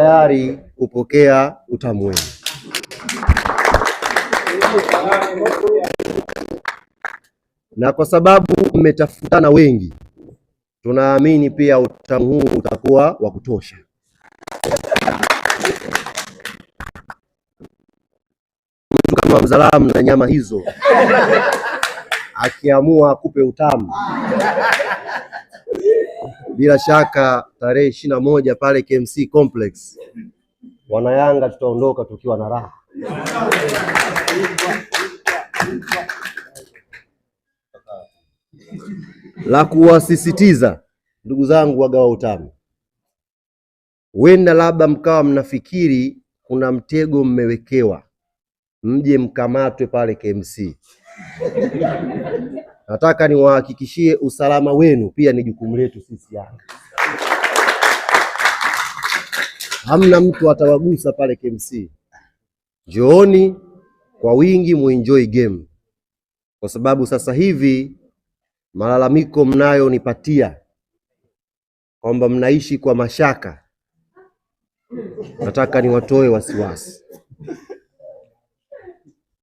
tayari kupokea utamu wenu. Na kwa sababu mmetafutana wengi, tunaamini pia utamu huu utakuwa wa kutosha. Mtu kama Mzalamu na nyama hizo akiamua akupe utamu bila shaka tarehe ishirini na moja pale KMC Complex, wanayanga tutaondoka tukiwa na raha. La kuwasisitiza ndugu zangu wagawa utamu, wenda labda mkawa mnafikiri kuna mtego mmewekewa, mje mkamatwe pale KMC. Nataka niwahakikishie usalama wenu pia ni jukumu letu sisi Yanga. Hamna mtu atawagusa pale KMC. Njooni kwa wingi muenjoy game, kwa sababu sasa hivi malalamiko mnayonipatia kwamba mnaishi kwa mashaka, nataka niwatoe wasiwasi.